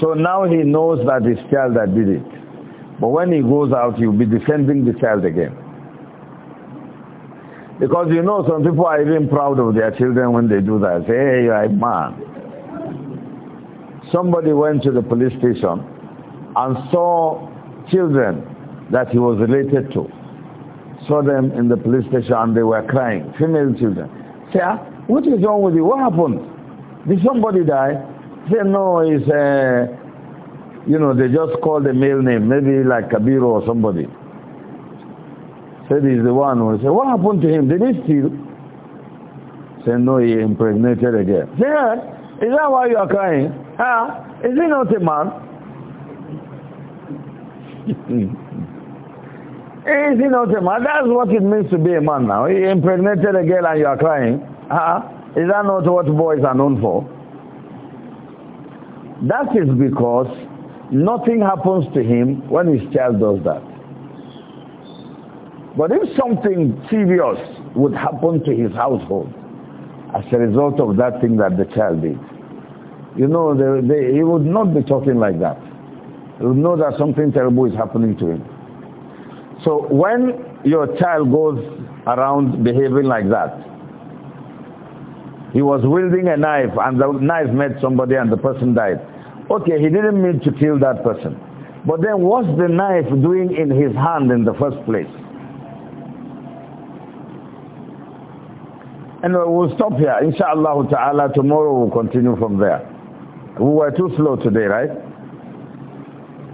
So now he knows that his child that did it. But when he goes out, he'll be defending the child again. Because you know some people are even proud of their children when they do that. Say, hey, you're a man. Somebody went to the police station and saw children that he was related to. Saw them in the police station and they were crying, female children. Say, ah, what is wrong with you? What happened? Did somebody die? Say, no, it's, uh, you know, they just called a male name, maybe like Kabiru or somebody. Said he's the one who said, what happened to him? Did he steal? Say, no, he impregnated again. Say, ah, is that why you are crying? Ah, is he not a man? Is he not a man? That's what it means to be a man now. He impregnated a girl and you are crying. Uh Is that not what boys are known for? That is because nothing happens to him when his child does that. But if something serious would happen to his household as a result of that thing that the child did, you know, they, they, he would not be talking like that know that something terrible is happening to him. So when your child goes around behaving like that, he was wielding a knife and the knife met somebody and the person died. Okay, he didn't mean to kill that person. But then what's the knife doing in his hand in the first place? And we'll stop here. Inshallah ta'ala, tomorrow we'll continue from there. We were too slow today, right?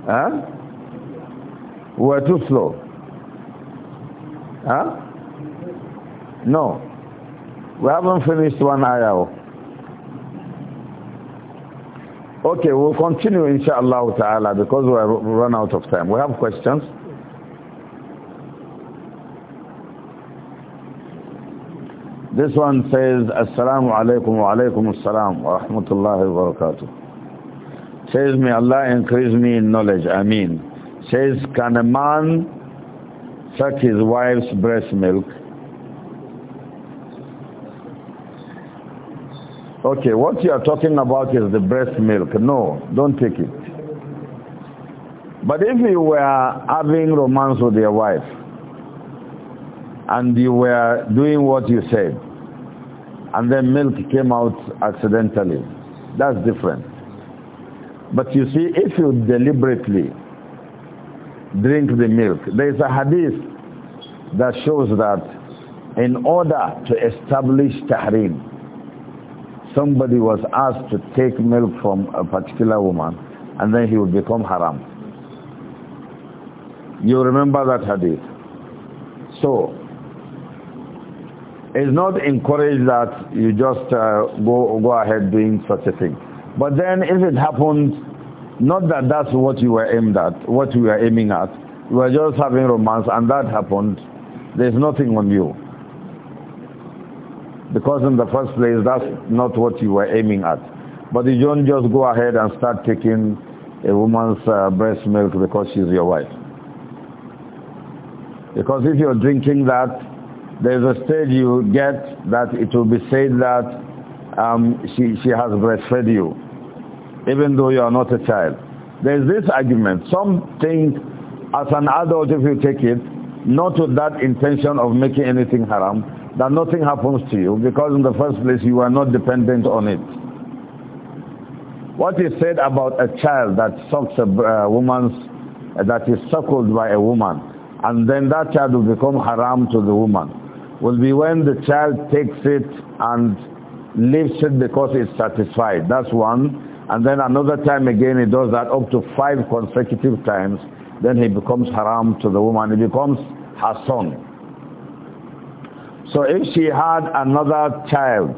Huh? We're too slow. Huh? No. We haven't finished one ayah. Okay, we'll continue inshallah ta'ala because we have run out of time. We have questions. This one says, Assalamu alaikum wa alaikum assalam wa rahmatullahi wa barakatuh. Says, may Allah increase me in knowledge. Ameen. Says, can a man suck his wife's breast milk? Okay, what you are talking about is the breast milk. No, don't take it. But if you were having romance with your wife, and you were doing what you said, and then milk came out accidentally, that's different. But you see, if you deliberately drink the milk, there is a hadith that shows that in order to establish tahrim, somebody was asked to take milk from a particular woman and then he would become haram. You remember that hadith. So, it's not encouraged that you just uh, go, go ahead doing such a thing. But then if it happened, not that that's what you were aimed at, what you were aiming at. You were just having romance and that happened. There's nothing on you. Because in the first place, that's not what you were aiming at. But you don't just go ahead and start taking a woman's uh, breast milk because she's your wife. Because if you're drinking that, there's a stage you get that it will be said that um, she, she has breastfed you even though you are not a child. There is this argument. Some think as an adult if you take it, not with that intention of making anything haram, that nothing happens to you because in the first place you are not dependent on it. What is said about a child that sucks a uh, woman's, uh, that is suckled by a woman, and then that child will become haram to the woman, will be when the child takes it and leaves it because it's satisfied. That's one. And then another time again he does that up to five consecutive times. Then he becomes haram to the woman. He becomes her son. So if she had another child,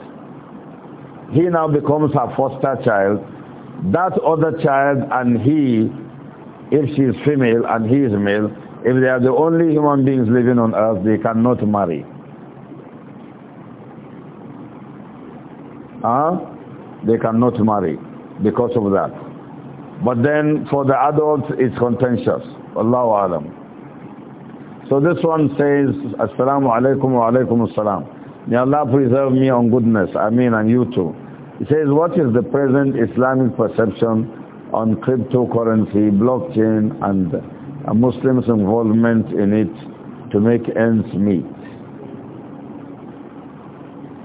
he now becomes her foster child. That other child and he, if she is female and he is male, if they are the only human beings living on earth, they cannot marry. Huh? They cannot marry because of that. But then for the adults, it's contentious. Allahu Alam. So this one says, Assalamu alaikum wa alaikum assalam. May Allah preserve me on goodness. I mean, and you too. It says, what is the present Islamic perception on cryptocurrency, blockchain, and Muslims' involvement in it to make ends meet?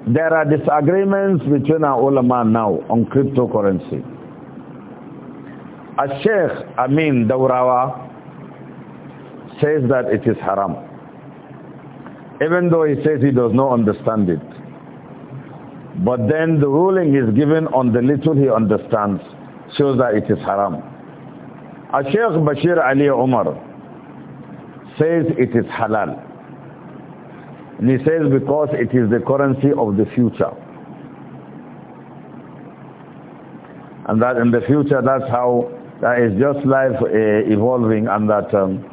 There are disagreements between our ulama now on cryptocurrency. A sheikh, Amin Dawrawa, says that it is haram. Even though he says he does not understand it. But then the ruling is given on the little he understands shows that it is haram. A Sheikh Bashir Ali Umar says it is halal. And he says because it is the currency of the future. And that in the future that's how, that is just life uh, evolving and that, um,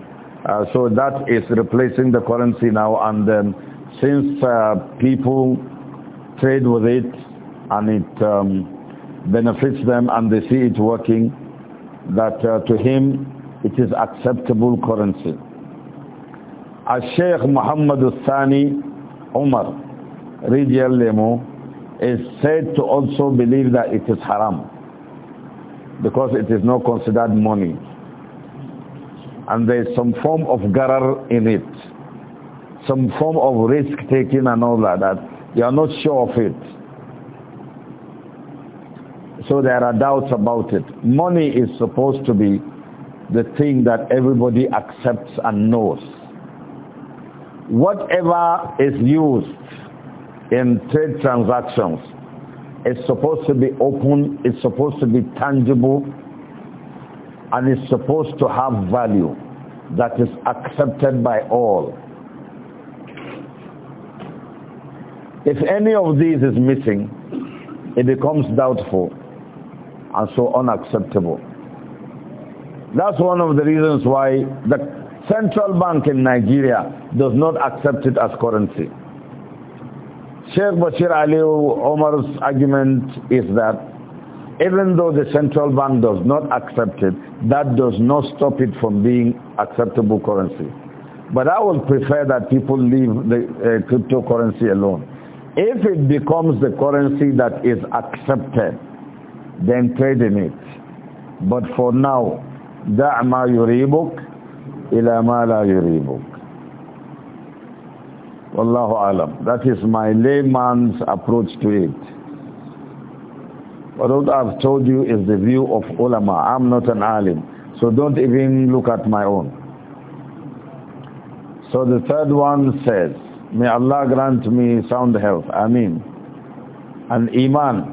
uh, so that is replacing the currency now and um, since uh, people trade with it and it um, benefits them and they see it working, that uh, to him it is acceptable currency. Sheikh Muhammad Sani Umar Lemu is said to also believe that it is haram because it is not considered money and there is some form of garar in it some form of risk taking and all that, that you are not sure of it so there are doubts about it money is supposed to be the thing that everybody accepts and knows whatever is used in trade transactions is supposed to be open, is supposed to be tangible, and is supposed to have value that is accepted by all. If any of these is missing, it becomes doubtful and so unacceptable. That's one of the reasons why the Central Bank in Nigeria does not accept it as currency. Sheikh Bashir Ali Omar's argument is that even though the central bank does not accept it, that does not stop it from being acceptable currency. But I would prefer that people leave the uh, cryptocurrency alone. If it becomes the currency that is accepted, then trade in it. But for now, دع ما يريبك ila yuribuk. Wallahu That is my layman's approach to it. what I've told you is the view of ulama. I'm not an alim. So don't even look at my own. So the third one says, May Allah grant me sound health. Amin. And iman.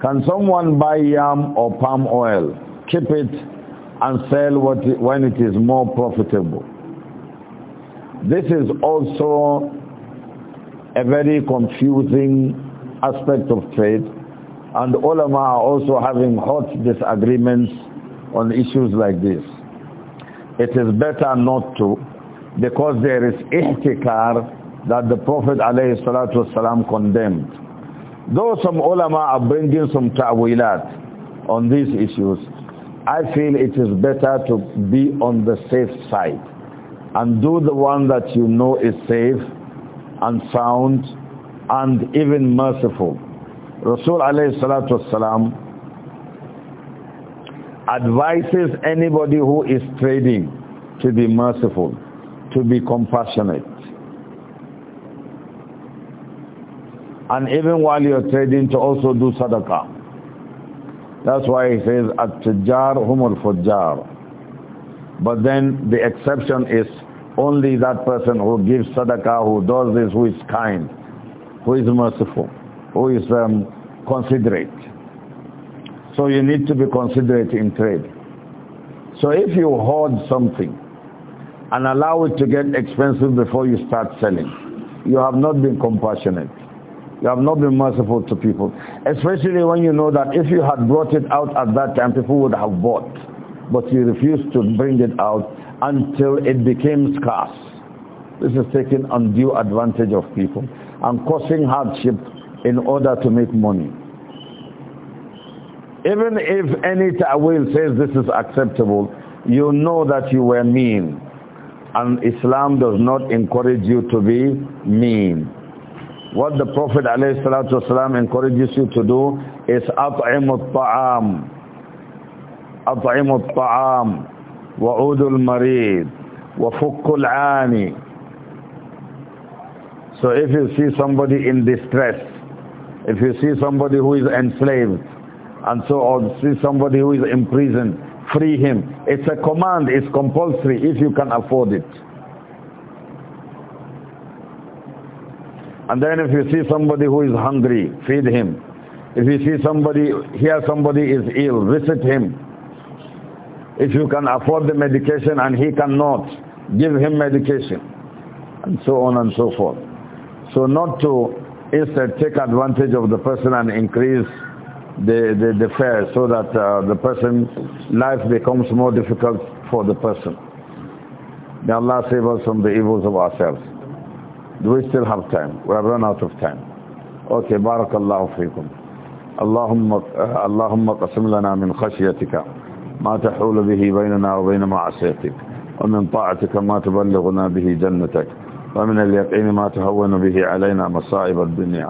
Can someone buy yam or palm oil? Keep it and sell what, when it is more profitable. This is also a very confusing aspect of trade and ulama are also having hot disagreements on issues like this. It is better not to because there is ihtikar that the Prophet ﷺ condemned. Though some ulama are bringing some ta'wilat on these issues, I feel it is better to be on the safe side and do the one that you know is safe and sound and even merciful. Rasul alayhi salatu wasalam advises anybody who is trading to be merciful, to be compassionate. And even while you're trading to also do sadaqah. That's why he says, At-Tijjar humul fujjar. But then the exception is only that person who gives sadaqah, who does this, who is kind, who is merciful, who is um, considerate. So you need to be considerate in trade. So if you hoard something and allow it to get expensive before you start selling, you have not been compassionate. You have not been merciful to people. Especially when you know that if you had brought it out at that time, people would have bought. But you refused to bring it out until it became scarce. This is taking undue advantage of people and causing hardship in order to make money. Even if any ta'wil says this is acceptable, you know that you were mean. And Islam does not encourage you to be mean. What the Prophet ﷺ encourages you to do is أطعم الطعام أطعم الطعام وعود المريض وفك العاني So if you see somebody in distress, if you see somebody who is enslaved, and so on, see somebody who is imprisoned, free him. It's a command, it's compulsory if you can afford it. And then if you see somebody who is hungry, feed him. If you see somebody, here somebody is ill, visit him. If you can afford the medication and he cannot, give him medication. And so on and so forth. So not to instead take advantage of the person and increase the, the, the fare so that uh, the person, life becomes more difficult for the person. May Allah save us from the evils of ourselves. Do we still have time? We have run out of time. Okay, barakallahu feekum. اللهم اللهم قسم لنا من خشيتك ما تحول به بيننا وبين معصيتك ومن طاعتك ما تبلغنا به جنتك ومن اليقين ما تهون به علينا مصائب الدنيا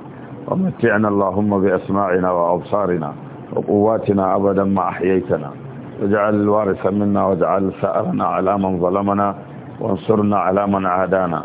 ومتعنا اللهم بأسماعنا وأبصارنا وقواتنا أبدا ما أحييتنا واجعل الوارث منا واجعل ثأرنا على من ظلمنا وانصرنا على من عادانا